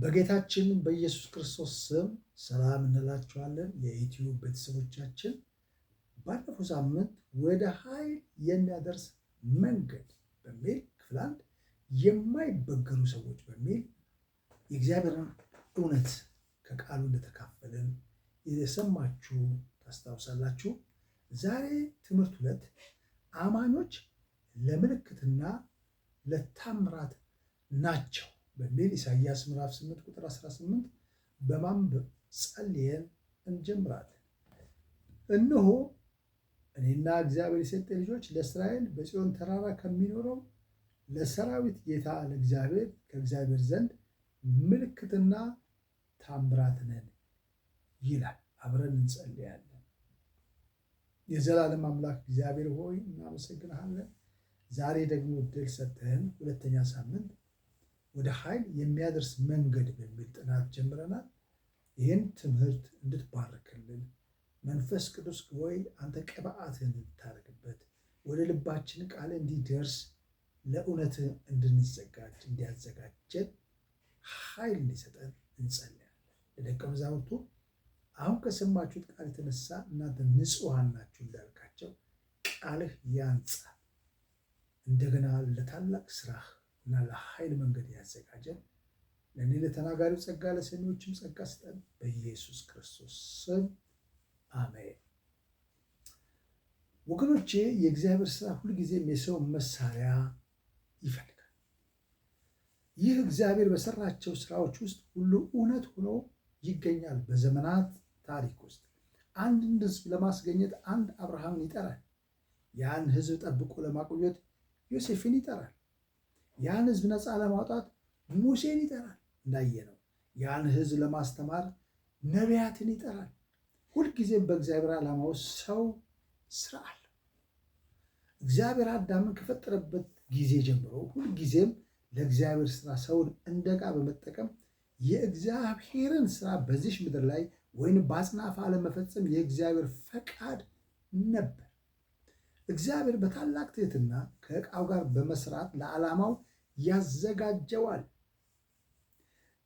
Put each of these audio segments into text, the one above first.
በጌታችን በኢየሱስ ክርስቶስ ስም ሰላም እንላችኋለን። የዩትዩብ ቤተሰቦቻችን ባለፈው ሳምንት ወደ ኃይል የሚያደርስ መንገድ በሚል ክፍል አንድ የማይበገሩ ሰዎች በሚል የእግዚአብሔርን እውነት ከቃሉ እንደተካፈልን የሰማችሁ ታስታውሳላችሁ። ዛሬ ትምህርት ሁለት አማኞች ለምልክትና ለታምራት ናቸው በሚል ኢሳያስ ምዕራፍ 8 ቁጥር 18 በማንበብ ጸልየን እንጀምራለን። እነሆ እኔና እግዚአብሔር የሰጠ ልጆች ለእስራኤል በጽዮን ተራራ ከሚኖረው ለሰራዊት ጌታ ለእግዚአብሔር ከእግዚአብሔር ዘንድ ምልክትና ታምራት ነን ይላል። አብረን እንጸልያለን። የዘላለም አምላክ እግዚአብሔር ሆይ እናመሰግንሃለን። ዛሬ ደግሞ ድል ሰጥተህን ሁለተኛ ሳምንት ወደ ኃይል የሚያደርስ መንገድ በሚል ጥናት ጀምረናል። ይህን ትምህርት እንድትባርክልን መንፈስ ቅዱስ ወይ አንተ ቅብአትህን እንድታደርግበት ወደ ልባችን ቃል እንዲደርስ ለእውነት እንድንዘጋጅ እንዲያዘጋጀን ኃይል እንዲሰጠን እንጸልያለን። ለደቀ መዛሙርቱ አሁን ከሰማችሁት ቃል የተነሳ እናንተ ንጹሐን ናችሁ እንዳልካቸው ቃልህ ያንጻል። እንደገና ለታላቅ ስራህ እና ለኃይል መንገድ ያዘጋጀን ለእኔ ለተናጋሪው ጸጋ ለሰሚዎችም ጸጋ ስጠን፣ በኢየሱስ ክርስቶስ ስም አሜን። ወገኖቼ የእግዚአብሔር ስራ ሁልጊዜም የሰው መሳሪያ ይፈልጋል። ይህ እግዚአብሔር በሰራቸው ስራዎች ውስጥ ሁሉ እውነት ሆኖ ይገኛል። በዘመናት ታሪክ ውስጥ አንድን ህዝብ ለማስገኘት አንድ አብርሃምን ይጠራል። ያን ህዝብ ጠብቆ ለማቆየት ዮሴፍን ይጠራል። ያን ህዝብ ነፃ ለማውጣት ሙሴን ይጠራል። ነው። ያን ህዝብ ለማስተማር ነቢያትን ይጠራል። ሁልጊዜም በእግዚአብሔር ዓላማ ውስጥ ሰው ስራ አለ። እግዚአብሔር አዳምን ከፈጠረበት ጊዜ ጀምሮ ሁልጊዜም ለእግዚአብሔር ስራ ሰውን እንደ ዕቃ በመጠቀም የእግዚአብሔርን ስራ በዚሽ ምድር ላይ ወይም በአጽናፈ ዓለም መፈጸም የእግዚአብሔር ፈቃድ ነበር። እግዚአብሔር በታላቅ ትትና ከዕቃው ጋር በመስራት ለዓላማው ያዘጋጀዋል።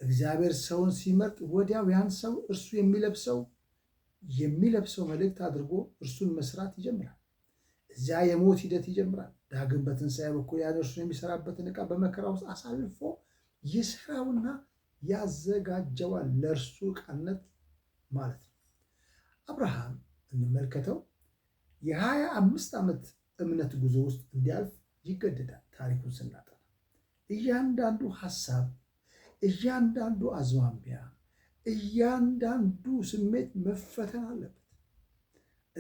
እግዚአብሔር ሰውን ሲመርጥ ወዲያው ያን ሰው እርሱ የሚለብሰው የሚለብሰው መልእክት አድርጎ እርሱን መስራት ይጀምራል። እዚያ የሞት ሂደት ይጀምራል። ዳግም በትንሣኤ በኩል ያን እርሱን የሚሰራበትን ዕቃ በመከራ ውስጥ አሳልፎ ይሰራውና ያዘጋጀዋል ለእርሱ ዕቃነት ማለት ነው። አብርሃም እንመልከተው የሀያ አምስት ዓመት እምነት ጉዞ ውስጥ እንዲያልፍ ይገደዳል ታሪኩን ስናጠ እያንዳንዱ ሀሳብ፣ እያንዳንዱ አዝማሚያ፣ እያንዳንዱ ስሜት መፈተን አለበት።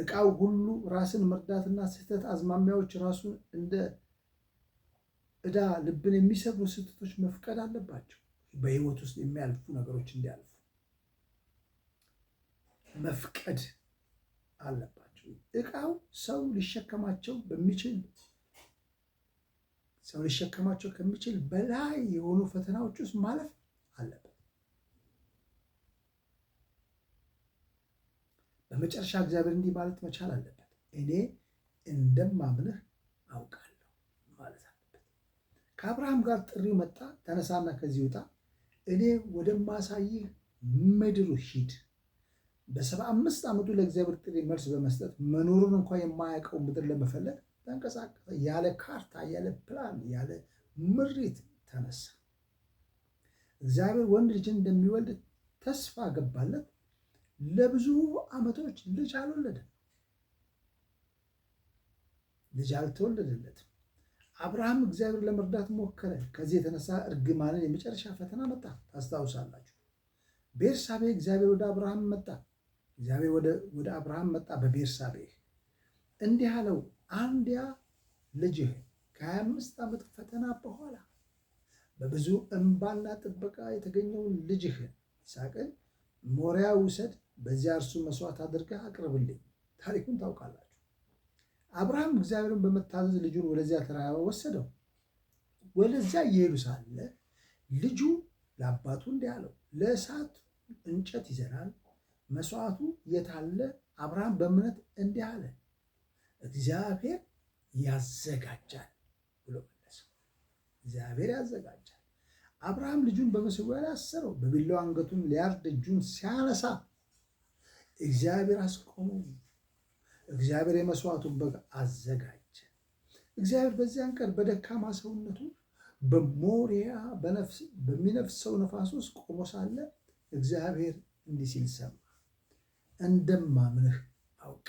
እቃው ሁሉ ራስን መርዳትና ስህተት አዝማሚያዎች ራሱን እንደ እዳ ልብን የሚሰብሩ ስህተቶች መፍቀድ አለባቸው። በህይወት ውስጥ የሚያልፉ ነገሮች እንዲያልፉ መፍቀድ አለባቸው። እቃው ሰው ሊሸከማቸው በሚችል ሰው ሊሸከማቸው ከሚችል በላይ የሆኑ ፈተናዎች ውስጥ ማለፍ አለበት። በመጨረሻ እግዚአብሔር እንዲህ ማለት መቻል አለበት፣ እኔ እንደማምንህ አውቃለሁ ማለት አለበት። ከአብርሃም ጋር ጥሪው መጣ፣ ተነሳና ከዚህ ውጣ፣ እኔ ወደማሳይህ ምድሩ ሂድ። በሰባ አምስት ዓመቱ ለእግዚአብሔር ጥሪ መልስ በመስጠት መኖሩን እንኳ የማያውቀው ምድር ለመፈለግ ተንቀሳቀሰ። ያለ ካርታ፣ ያለ ፕላን፣ ያለ ምሪት ተነሳ። እግዚአብሔር ወንድ ልጅን እንደሚወልድ ተስፋ ገባለት። ለብዙ ዓመቶች ልጅ አልወለደም። ልጅ አልተወለደለትም። አብርሃም እግዚአብሔር ለመርዳት ሞከረ። ከዚህ የተነሳ እርግማንን የመጨረሻ ፈተና መጣ። ታስታውሳላችሁ። ቤርሳቤ እግዚአብሔር ወደ አብርሃም መጣ። እግዚአብሔር ወደ አብርሃም መጣ። በቤርሳቤ እንዲህ አለው አንዲያ ልጅህ ከ25 ዓመት ፈተና በኋላ በብዙ እምባና ጥበቃ የተገኘውን ልጅህን ይስሐቅን ሞሪያ ውሰድ፣ በዚያ እርሱ መስዋዕት አድርገህ አቅርብልኝ። ታሪኩን ታውቃላችሁ። አብርሃም እግዚአብሔርን በመታዘዝ ልጁን ወደዚያ ተራራ ወሰደው። ወደዚያ እየሄዱ ሳለ ልጁ ለአባቱ እንዲህ አለው፣ ለእሳት እንጨት ይዘናል፣ መስዋዕቱ የታለ? አብርሃም በእምነት እንዲህ አለ እግዚአብሔር ያዘጋጃል ብሎ መለሰው። እግዚአብሔር ያዘጋጃል። አብርሃም ልጁን በመሰዊያ ላይ አሰረው። በቢላው አንገቱን ሊያርድ እጁን ሲያነሳ እግዚአብሔር አስቆመው። እግዚአብሔር የመስዋዕቱን በግ አዘጋጀ። እግዚአብሔር በዚያን ቀን በደካማ ሰውነቱ በሞሪያ በሚነፍሰው ነፋስ ውስጥ ቆሞ ሳለ እግዚአብሔር እንዲህ ሲል ሰማ፣ እንደማምንህ አውቅ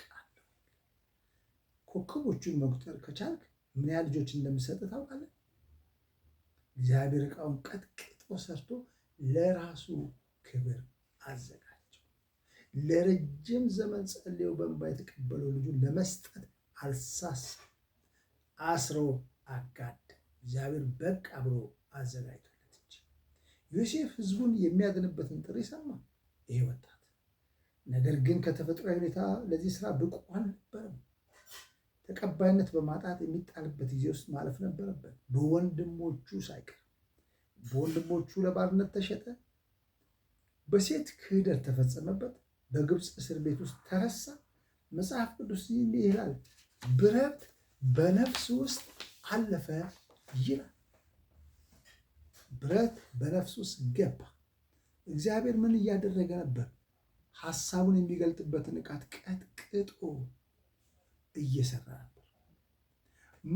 ኮከቦቹን መቁጠር ከቻልክ ምን ያህል ልጆች እንደሚሰጥ ታውቃለህ? እግዚአብሔር እቃውን ቀጥቅጦ ሰርቶ ለራሱ ክብር አዘጋጀው። ለረጅም ዘመን ጸልዮ በእንባ የተቀበለው ልጁን ለመስጠት አልሳስ አስሮ አጋድ እግዚአብሔር በቅ አብሮ አዘጋጅቶለት ዮሴፍ ህዝቡን የሚያድንበትን ጥሪ ሰማ። ይሄ ወጣት ነገር ግን ከተፈጥሯዊ ሁኔታ ለዚህ ስራ ብቁ አልነበረም። ተቀባይነት በማጣት የሚጣልበት ጊዜ ውስጥ ማለፍ ነበረበት። በወንድሞቹ ሳይቀር በወንድሞቹ ለባርነት ተሸጠ፣ በሴት ክህደት ተፈጸመበት፣ በግብፅ እስር ቤት ውስጥ ተረሳ። መጽሐፍ ቅዱስ ይህ ይላል ብረት በነፍስ ውስጥ አለፈ ይላል። ብረት በነፍስ ውስጥ ገባ። እግዚአብሔር ምን እያደረገ ነበር? ሀሳቡን የሚገልጥበትን ዕቃት ቀጥቅጦ እየሰራ ነበር።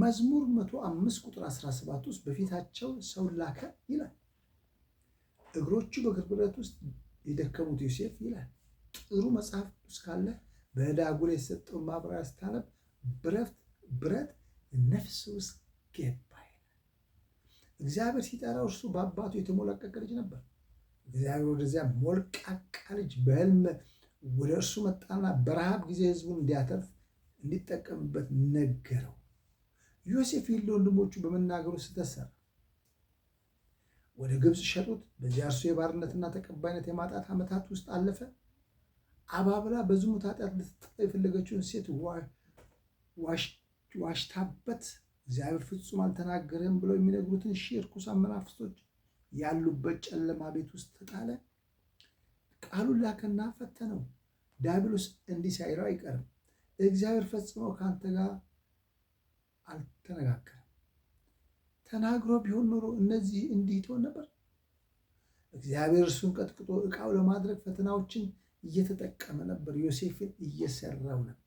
መዝሙር መቶ አምስት ቁጥር 17 ውስጥ በፊታቸው ሰው ላከ ይላል። እግሮቹ በግርግረት ውስጥ የደከሙት ዮሴፍ ይላል። ጥሩ መጽሐፍ ቅዱስ ካለ በዳጉል የተሰጠውን ማብራሪያ ስታነብ ብረት ብረት ነፍስ ውስጥ ገባ ይላል። እግዚአብሔር ሲጠራው እርሱ በአባቱ የተሞላቀቀ ልጅ ነበር። እግዚአብሔር ወደዚያ ሞልቃቃ ልጅ በህልም ወደ እርሱ መጣና በረሃብ ጊዜ ህዝቡን እንዲያተርፍ እንዲጠቀምበት ነገረው። ዮሴፍ ለወንድሞቹ በመናገሩ ስህተት ወደ ግብፅ ሸጡት። በዚያ እርሱ የባርነትና ተቀባይነት የማጣት ዓመታት ውስጥ አለፈ። አባብላ በዝሙት ኃጢአት ልትጠላ የፈለገችውን ሴት ዋሽታበት እግዚአብሔር ፍጹም አልተናገረም ብለው የሚነግሩትን ሺህ ርኩሳን መናፍስቶች ያሉበት ጨለማ ቤት ውስጥ ተጣለ። ቃሉን ላከና ፈተነው። ዲያብሎስ እንዲህ ሳይለው አይቀርም። እግዚአብሔር ፈጽሞ ከአንተ ጋር አልተነጋገረም። ተናግሮ ቢሆን ኖሮ እነዚህ እንዲህ ትሆን ነበር። እግዚአብሔር እርሱን ቀጥቅጦ እቃው ለማድረግ ፈተናዎችን እየተጠቀመ ነበር። ዮሴፍን እየሰራው ነበር።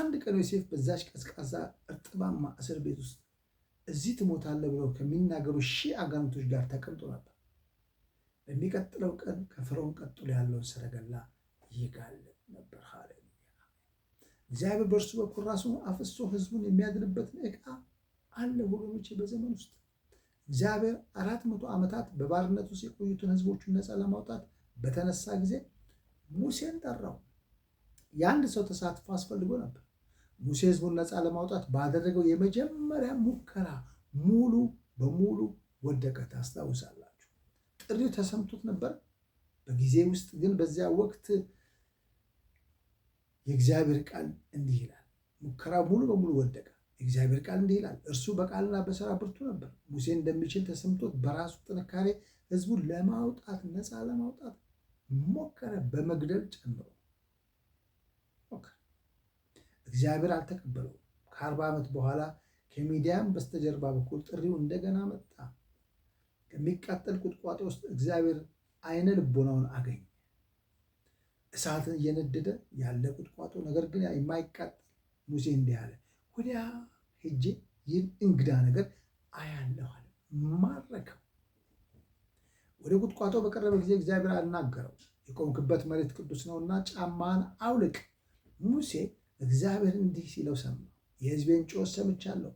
አንድ ቀን ዮሴፍ በዛች ቀዝቃዛ እርጥባማ እስር ቤት ውስጥ እዚህ ትሞታለህ ብለው ከሚናገሩ ሺህ አጋንቶች ጋር ተቀምጦ ነበር። በሚቀጥለው ቀን ከፈርዖን ቀጥሎ ያለውን ሰረገላ ይጋልብ ነበር። እግዚአብሔር በእርሱ በኩል ራሱን አፍሶ ህዝቡን የሚያድንበትን እቃ አለ። ወገኖቼ በዘመን ውስጥ እግዚአብሔር አራት መቶ ዓመታት በባርነት ውስጥ የቆዩትን ህዝቦቹን ነፃ ለማውጣት በተነሳ ጊዜ ሙሴን ጠራው። የአንድ ሰው ተሳትፎ አስፈልጎ ነበር። ሙሴ ህዝቡን ነፃ ለማውጣት ባደረገው የመጀመሪያ ሙከራ ሙሉ በሙሉ ወደቀ። ታስታውሳላችሁ። ጥሪው ተሰምቶት ነበር። በጊዜ ውስጥ ግን በዚያ ወቅት የእግዚአብሔር ቃል እንዲህ ይላል። ሙከራ ሙሉ በሙሉ ወደቀ። የእግዚአብሔር ቃል እንዲህ ይላል፣ እርሱ በቃልና በስራ ብርቱ ነበር። ሙሴ እንደሚችል ተሰምቶት በራሱ ጥንካሬ ህዝቡ ለማውጣት ነፃ ለማውጣት ሞከረ፣ በመግደል ጨምሮ ሞከረ። እግዚአብሔር አልተቀበለውም። ከአርባ ዓመት በኋላ ከሚዲያም በስተጀርባ በኩል ጥሪው እንደገና መጣ። ከሚቃጠል ቁጥቋጦ ውስጥ እግዚአብሔር አይነ ልቦናውን አገኘ። እሳትን እየነደደ ያለ ቁጥቋጦ ነገር ግን የማይቃጠል ሙሴ እንዲህ አለ፣ ወዲያ ሄጄ ይህን እንግዳ ነገር አያለሁ አለ። ማረከው። ወደ ቁጥቋጦ በቀረበ ጊዜ እግዚአብሔር አልናገረው፣ የቆምክበት መሬት ቅዱስ ነውና ጫማን አውልቅ። ሙሴ እግዚአብሔር እንዲህ ሲለው ሰማ፣ የህዝቤን ጩኸት ሰምቻለሁ፣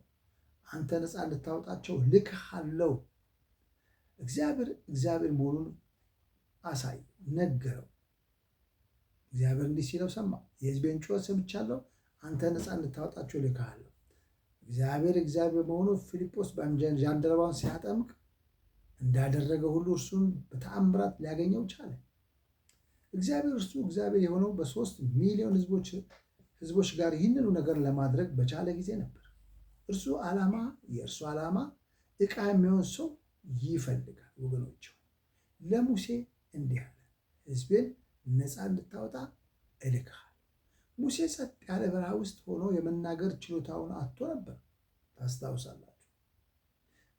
አንተ ነፃ እንድታወጣቸው ልክሃለው። እግዚአብሔር እግዚአብሔር መሆኑን አሳይ ነገረው። እግዚአብሔር እንዲህ ሲለው ሰማ፣ የሕዝቤን ጩኸት ሰምቻለሁ፣ አንተ ነፃ እንድታወጣቸው ልካለሁ። እግዚአብሔር እግዚአብሔር መሆኑ ፊልጶስ ጃንደረባውን ሲያጠምቅ እንዳደረገ ሁሉ እርሱን በተአምራት ሊያገኘው ቻለ። እግዚአብሔር እርሱ እግዚአብሔር የሆነው በሶስት ሚሊዮን ህዝቦች ጋር ይህንኑ ነገር ለማድረግ በቻለ ጊዜ ነበር። እርሱ ዓላማ የእርሱ ዓላማ ዕቃ የሚሆን ሰው ይፈልጋል። ወገኖቸው ለሙሴ እንዲህ አለ፣ ህዝቤን ነፃ እንድታወጣ እልክሃለሁ። ሙሴ ጸጥ ያለ በረሃ ውስጥ ሆኖ የመናገር ችሎታውን አጥቶ ነበር። ታስታውሳላችሁ።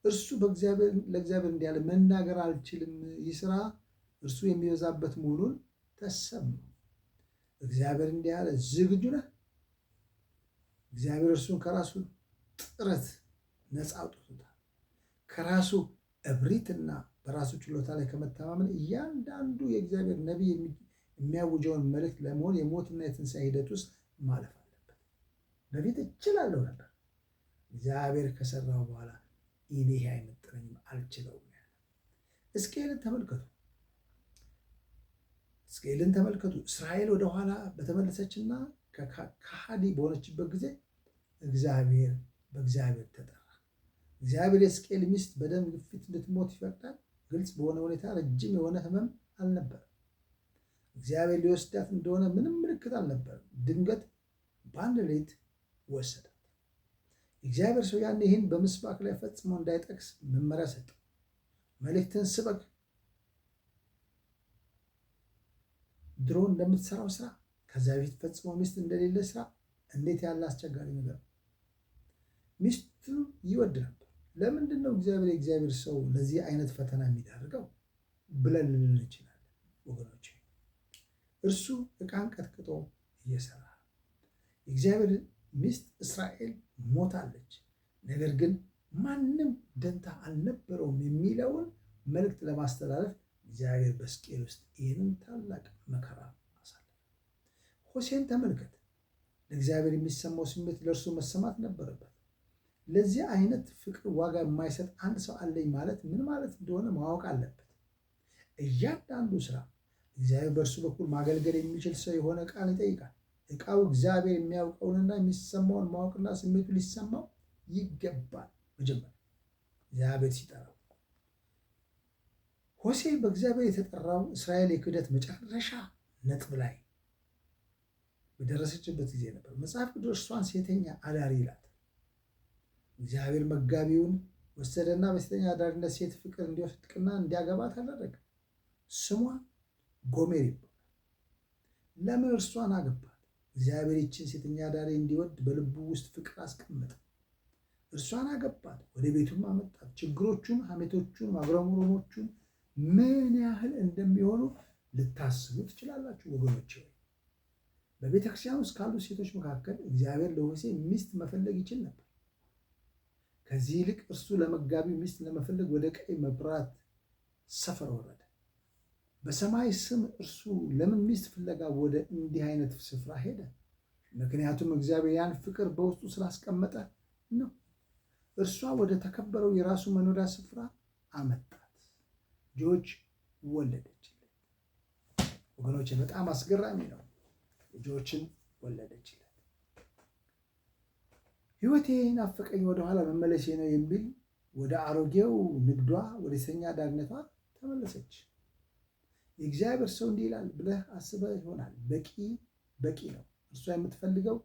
እርሱ ለእግዚአብሔር እንዲህ መናገር አልችልም፣ ይህ ስራ እርሱ የሚበዛበት መሆኑን ተሰማው። እግዚአብሔር እንዲህ ዝግጁ ነህ? እግዚአብሔር እርሱን ከራሱ ጥረት ነፃ አውጥቶታል። ከራሱ እብሪትና በራሱ ችሎታ ላይ ከመተማመን እያንዳንዱ የእግዚአብሔር ነቢይ የሚያውጀውን መልእክት ለመሆን የሞትና የትንሣኤ ሂደት ውስጥ ማለፍ አለበት። በፊት እችላለሁ ነበር። እግዚአብሔር ከሰራው በኋላ እኔ ይሄ አይመጥነኝም፣ አልችለውም ያለ ሕዝቅኤልን ተመልከቱ። ሕዝቅኤልን ተመልከቱ። እስራኤል ወደኋላ በተመለሰችና ከሃዲ በሆነችበት ጊዜ እግዚአብሔር በእግዚአብሔር ተጠራ። እግዚአብሔር የሕዝቅኤል ሚስት በደም ግፊት እንድትሞት ይፈቅዳል። ግልጽ በሆነ ሁኔታ ረጅም የሆነ ህመም አልነበረ እግዚአብሔር ሊወስዳት እንደሆነ ምንም ምልክት አልነበረም። ድንገት በአንድ ሌት ወሰዳት። እግዚአብሔር ሰው ያን ይህን በምስባክ ላይ ፈጽሞ እንዳይጠቅስ መመሪያ ሰጠ። መልእክትን ስበክ፣ ድሮ እንደምትሰራው ስራ፣ ከዚያ በፊት ፈጽሞ ሚስት እንደሌለ ስራ። እንዴት ያለ አስቸጋሪ ነገር! ሚስቱ ይወድ ነበር። ለምንድን ነው እግዚአብሔር የእግዚአብሔር ሰው ለዚህ አይነት ፈተና የሚዳርገው ብለን ልንል እንችላለን ወገኖች። እርሱ ዕቃን ቀጥቅጦ እየሰራ የእግዚአብሔር ሚስት እስራኤል ሞታለች፣ ነገር ግን ማንም ደንታ አልነበረውም የሚለውን መልእክት ለማስተላለፍ እግዚአብሔር በስቅል ውስጥ ይህንን ታላቅ መከራ አሳለፈ። ሆሴን ተመልከት። ለእግዚአብሔር የሚሰማው ስሜት ለእርሱ መሰማት ነበረበት። ለዚህ አይነት ፍቅር ዋጋ የማይሰጥ አንድ ሰው አለኝ ማለት ምን ማለት እንደሆነ ማወቅ አለበት። እያንዳንዱ ስራ እግዚአብሔር በእርሱ በኩል ማገልገል የሚችል ሰው የሆነ ቃል ይጠይቃል። እቃው እግዚአብሔር የሚያውቀውንና የሚሰማውን ማወቅና ስሜቱ ሊሰማው ይገባል። መጀመሪያ እግዚአብሔር ሲጠራው ሆሴ በእግዚአብሔር የተጠራው እስራኤል የክህደት መጨረሻ ነጥብ ላይ በደረሰችበት ጊዜ ነበር። መጽሐፍ ቅዱስ እርሷን ሴተኛ አዳሪ ይላት። እግዚአብሔር መጋቢውን ወሰደና በሴተኛ አዳሪነት ሴት ፍቅር እንዲወስድቅና እንዲያገባት አደረገ። ስሟ ጎሜር ይባላል። ለምን እርሷን አገባት? እግዚአብሔር ይችን ሴተኛ ዳሬ እንዲወድ በልቡ ውስጥ ፍቅር አስቀመጠ። እርሷን አገባት፣ ወደ ቤቱም አመጣት። ችግሮቹን፣ ሐሜቶቹን፣ ማጉረምረሞቹን ምን ያህል እንደሚሆኑ ልታስቡ ትችላላችሁ ወገኖች። በቤተ ክርስቲያን ውስጥ ካሉ ሴቶች መካከል እግዚአብሔር ለሆሴ ሚስት መፈለግ ይችል ነበር። ከዚህ ይልቅ እርሱ ለመጋቢ ሚስት ለመፈለግ ወደ ቀይ መብራት ሰፈር ወረደ። በሰማይ ስም እርሱ ለምን ሚስት ፍለጋ ወደ እንዲህ አይነት ስፍራ ሄደ? ምክንያቱም እግዚአብሔር ያን ፍቅር በውስጡ ስላስቀመጠ ነው። እርሷ ወደ ተከበረው የራሱ መኖሪያ ስፍራ አመጣት፣ ልጆች ወለደችለት። ወገኖች በጣም አስገራሚ ነው። ልጆችን ወለደችለት። ሕይወቴ ናፈቀኝ ወደኋላ መመለሴ ነው የሚል ወደ አሮጌው ንግዷ፣ ወደ ሴተኛ አዳሪነቷ ተመለሰች። የእግዚአብሔር ሰው እንዲህ ይላል ብለህ አስበህ ይሆናል። በቂ በቂ ነው። እርሷ የምትፈልገው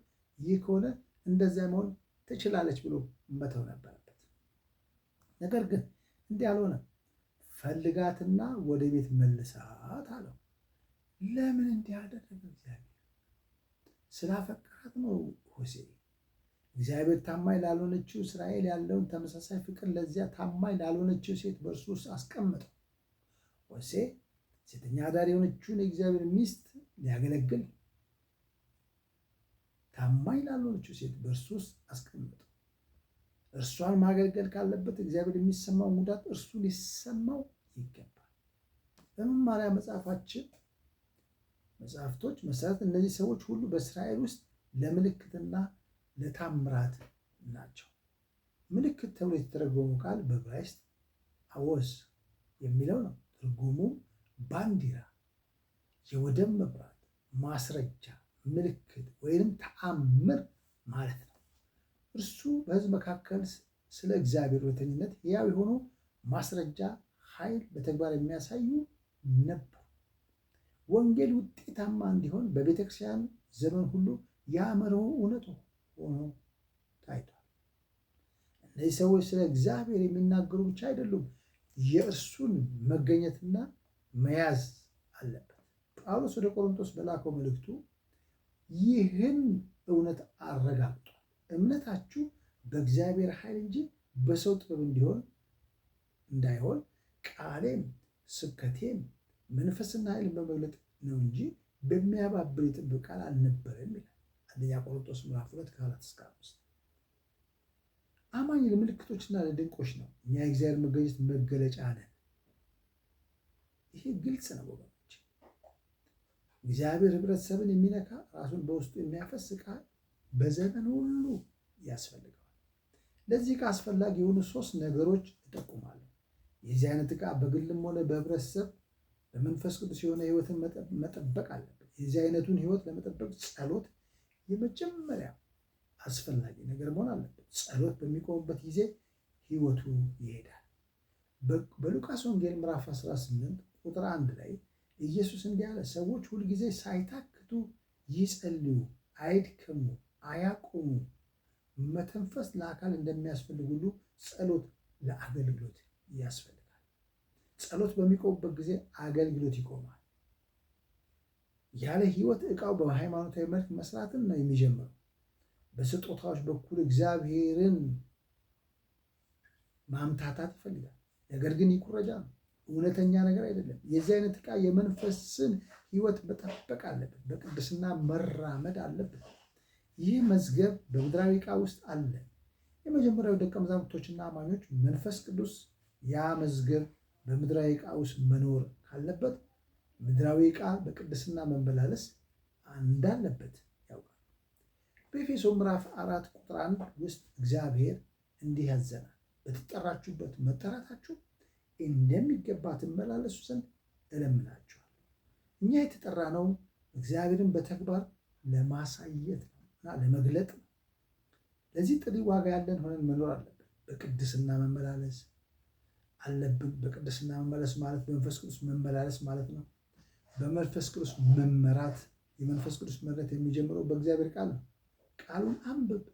ይህ ከሆነ እንደዚያ መሆን ትችላለች ብሎ መተው ነበረበት። ነገር ግን እንዲህ አልሆነም። ፈልጋትና ወደ ቤት መልሳት አለው። ለምን እንዲህ አደረገ? እግዚአብሔር ስላፈቀራት ነው። ሆሴ እግዚአብሔር ታማኝ ላልሆነችው እስራኤል ያለውን ተመሳሳይ ፍቅር ለዚያ ታማኝ ላልሆነችው ሴት በእርሱ ውስጥ አስቀመጠው። ሆሴ ሴተኛ አዳሪ የሆነችውን የእግዚአብሔር ሚስት ሊያገለግል ታማኝ ላልሆነችው ሴት በእርሱ ውስጥ አስቀምጡ። እርሷን ማገልገል ካለበት እግዚአብሔር የሚሰማው ጉዳት እርሱ ሊሰማው ይገባል። በመማሪያ መጽሐፋችን መጽሐፍቶች መሰረት እነዚህ ሰዎች ሁሉ በእስራኤል ውስጥ ለምልክትና ለታምራት ናቸው። ምልክት ተብሎ የተተረጎመው ቃል በዕብራይስጥ አወዝ የሚለው ነው። ትርጉሙም ባንዲራ የወደብ መብራት ማስረጃ ምልክት ወይም ተአምር ማለት ነው። እርሱ በህዝብ መካከል ስለ እግዚአብሔር እውነተኝነት ያው የሆኑ ማስረጃ ኃይል በተግባር የሚያሳዩ ነበር። ወንጌል ውጤታማ እንዲሆን በቤተክርስቲያን ዘመን ሁሉ የአእምሮው እውነት ሆኖ ታይቷል። እነዚህ ሰዎች ስለ እግዚአብሔር የሚናገሩ ብቻ አይደሉም፣ የእርሱን መገኘትና መያዝ አለበት። ጳውሎስ ወደ ቆሮንቶስ በላከው መልእክቱ ይህን እውነት አረጋግጧል። እምነታችሁ በእግዚአብሔር ኃይል እንጂ በሰው ጥበብ እንዲሆን እንዳይሆን ቃሌም ስብከቴም መንፈስና ኃይል በመግለጥ ነው እንጂ በሚያባብል የጥበብ ቃል አልነበረም ይላል አንደኛ ቆሮንቶስ ምዕራፍ ሁለት ከአራት እስከ አምስት አማኝ ለምልክቶችና ለድንቆች ነው። እኛ የእግዚአብሔር መገኘት መገለጫ ነን። ይሄ ግልጽ ነው ወገኖች። እግዚአብሔር ህብረተሰብን የሚነካ ራሱን በውስጡ የሚያፈስ ዕቃ በዘመን ሁሉ ያስፈልገዋል። ለዚህ ዕቃ አስፈላጊ የሆኑ ሶስት ነገሮች እጠቁማለሁ። የዚህ አይነት ዕቃ በግልም ሆነ በህብረተሰብ በመንፈስ ቅዱስ የሆነ ህይወትን መጠበቅ አለበት። የዚህ አይነቱን ህይወት ለመጠበቅ ጸሎት የመጀመሪያ አስፈላጊ ነገር መሆን አለበት። ጸሎት በሚቆምበት ጊዜ ህይወቱ ይሄዳል። በሉቃስ ወንጌል ምዕራፍ 18 ቁጥር አንድ ላይ ኢየሱስ እንዲህ አለ፣ ሰዎች ሁልጊዜ ሳይታክቱ ይጸልዩ፣ አይድክሙ አያቁሙ። መተንፈስ ለአካል እንደሚያስፈልግ ሁሉ ጸሎት ለአገልግሎት ያስፈልጋል። ጸሎት በሚቆሙበት ጊዜ አገልግሎት ይቆማል። ያለ ህይወት እቃው በሃይማኖታዊ መልክ መስራትን ነው የሚጀምረው። በስጦታዎች በኩል እግዚአብሔርን ማምታታት ይፈልጋል። ነገር ግን ይኩረጃ ነው። እውነተኛ ነገር አይደለም። የዚህ አይነት ዕቃ የመንፈስን ህይወት መጠበቅ አለብን። በቅድስና መራመድ አለብን። ይህ መዝገብ በምድራዊ ዕቃ ውስጥ አለ። የመጀመሪያው ደቀ መዛሙርቶችና አማኞች መንፈስ ቅዱስ ያ መዝገብ በምድራዊ ዕቃ ውስጥ መኖር ካለበት ምድራዊ ዕቃ በቅድስና መመላለስ እንዳለበት ያውቃል። በኤፌሶ ምዕራፍ አራት ቁጥር አንድ ውስጥ እግዚአብሔር እንዲህ ያዘናል፣ በተጠራችሁበት መጠራታችሁ እንደሚገባ ትመላለሱ ዘንድ እለምናችኋል። እኛ የተጠራ ነው እግዚአብሔርን በተግባር ለማሳየት እና ለመግለጥ ነው። ለዚህ ጥሪ ዋጋ ያለን ሆነን መኖር አለብን። በቅድስና መመላለስ አለብን። በቅድስና መመላለስ ማለት በመንፈስ ቅዱስ መመላለስ ማለት ነው። በመንፈስ ቅዱስ መመራት የመንፈስ ቅዱስ መረት የሚጀምረው በእግዚአብሔር ቃል ነው። ቃሉን አንብብ፣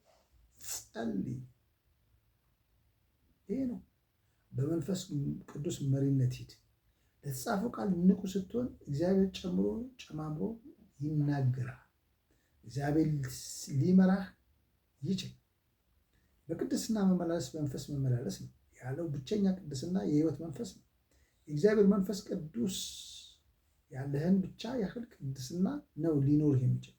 ጸልይ። ይሄ ነው። በመንፈስ ቅዱስ መሪነት ሂድ። ለተጻፈው ቃል ንቁ ስትሆን እግዚአብሔር ጨምሮ ጨማምሮ ይናገራል። እግዚአብሔር ሊመራህ ይችል። በቅድስና መመላለስ መንፈስ መመላለስ ነው ያለው ብቸኛ ቅድስና የህይወት መንፈስ ነው። የእግዚአብሔር መንፈስ ቅዱስ ያለህን ብቻ ያህል ቅድስና ነው ሊኖርህ የሚችል።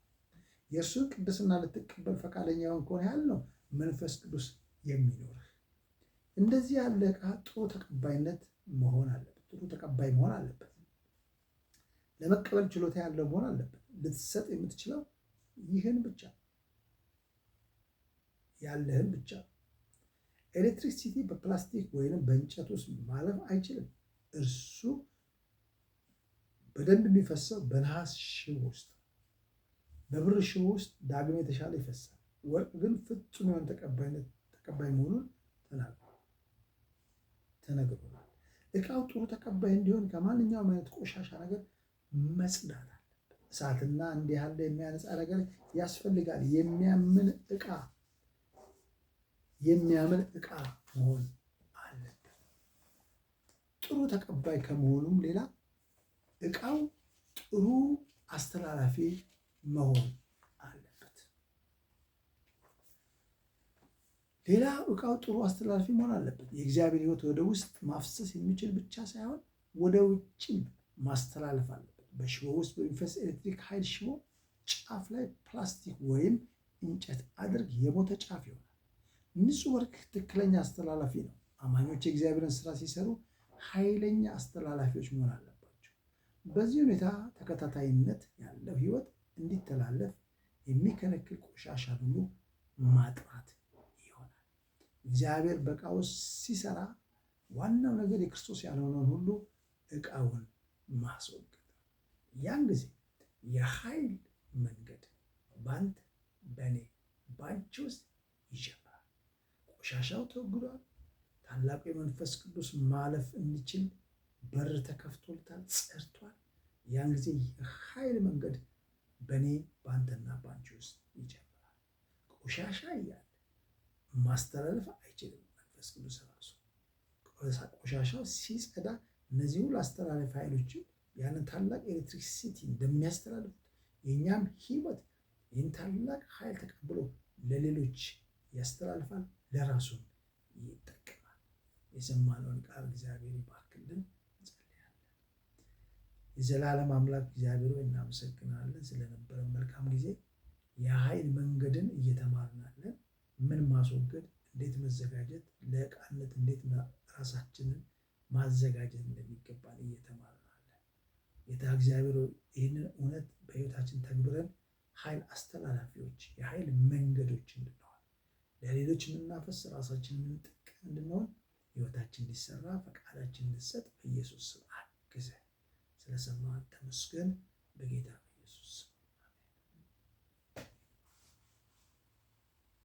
የእርሱን ቅድስና ልትቀበል ፈቃደኛ የሆን ከሆነ ያህል ነው መንፈስ ቅዱስ የሚኖር እንደዚህ ያለ እቃ ጥሩ ተቀባይነት መሆን አለበት። ጥሩ ተቀባይ መሆን አለበት። ለመቀበል ችሎታ ያለው መሆን አለበት። ልትሰጥ የምትችለው ይህን ብቻ ያለህን ብቻ። ኤሌክትሪክሲቲ በፕላስቲክ ወይም በእንጨት ውስጥ ማለፍ አይችልም። እርሱ በደንብ የሚፈሰው በነሐስ ሽቦ ውስጥ፣ በብር ሽቦ ውስጥ ዳግም የተሻለ ይፈሳል። ወርቅ ግን ፍጹም የሆነ ተቀባይ መሆኑን ተናግሯል። ተነግሮናል። እቃው ጥሩ ተቀባይ እንዲሆን ከማንኛውም አይነት ቆሻሻ ነገር መጽዳት እሳትና እንዲህ ያለ የሚያነጻ ነገር ያስፈልጋል። የሚያምን እቃ የሚያምን እቃ መሆን አለበት። ጥሩ ተቀባይ ከመሆኑም ሌላ እቃው ጥሩ አስተላላፊ መሆን ሌላ እቃው ጥሩ አስተላላፊ መሆን አለበት። የእግዚአብሔር ሕይወት ወደ ውስጥ ማፍሰስ የሚችል ብቻ ሳይሆን ወደ ውጭም ማስተላለፍ አለበት። በሽቦ ውስጥ በሚፈስ ኤሌክትሪክ ኃይል ሽቦ ጫፍ ላይ ፕላስቲክ ወይም እንጨት አድርግ፣ የሞተ ጫፍ ይሆናል። ንጹህ ወርቅ ትክክለኛ አስተላላፊ ነው። አማኞች የእግዚአብሔርን ስራ ሲሰሩ ኃይለኛ አስተላላፊዎች መሆን አለባቸው። በዚህ ሁኔታ ተከታታይነት ያለው ሕይወት እንዲተላለፍ የሚከለክል ቆሻሻ ሁሉ ማጥራት እግዚአብሔር በቃውስ ሲሰራ ዋናው ነገር የክርስቶስ ያልሆነውን ሁሉ እቃውን ማስወገድ። ያን ጊዜ የኃይል መንገድ በአንተ በእኔ በአንቺ ውስጥ ይጀምራል። ቆሻሻው ተወግዷል። ታላቁ የመንፈስ ቅዱስ ማለፍ እንችል በር ተከፍቶልታል፣ ጸርቷል። ያን ጊዜ የኃይል መንገድ በእኔ በአንተና በአንቺ ውስጥ ይጀምራል። ቆሻሻ እያለ ማስተላለፍ አይችልም። መንፈስ ቅዱስ ራሱ ቆሻሻ ሲጸዳ እነዚህ ሁሉ አስተላለፍ ኃይሎችን ያንን ታላቅ ኤሌክትሪክ ሲቲ እንደሚያስተላልፉት የእኛም ህይወት ይህን ታላቅ ኃይል ተቀብሎ ለሌሎች ያስተላልፋል፣ ለራሱም ይጠቀማል። የሰማነውን ቃል እግዚአብሔር ይባርክልን። እንጸልያለን። የዘላለም አምላክ እግዚአብሔር ሆይ እናመሰግናለን ስለነበረን መልካም ጊዜ የኃይል መንገድን እየተማርናለን ምን ማስወገድ፣ እንዴት መዘጋጀት፣ ለቃነት እንዴት ራሳችንን ማዘጋጀት እንደሚገባን እየተማርን አለን። ጌታ እግዚአብሔር ይህንን እውነት በሕይወታችን ተግብረን ኃይል አስተላላፊዎች፣ የኃይል መንገዶች እንድንሆን ለሌሎች የምናፈስ ራሳችን የምንጠቀም እንድንሆን ህይወታችን እንዲሰራ ፈቃዳችን እንድሰጥ በኢየሱስ ስም አግዘን። ስለሰማን ተመስገን። በጌታ በኢየሱስ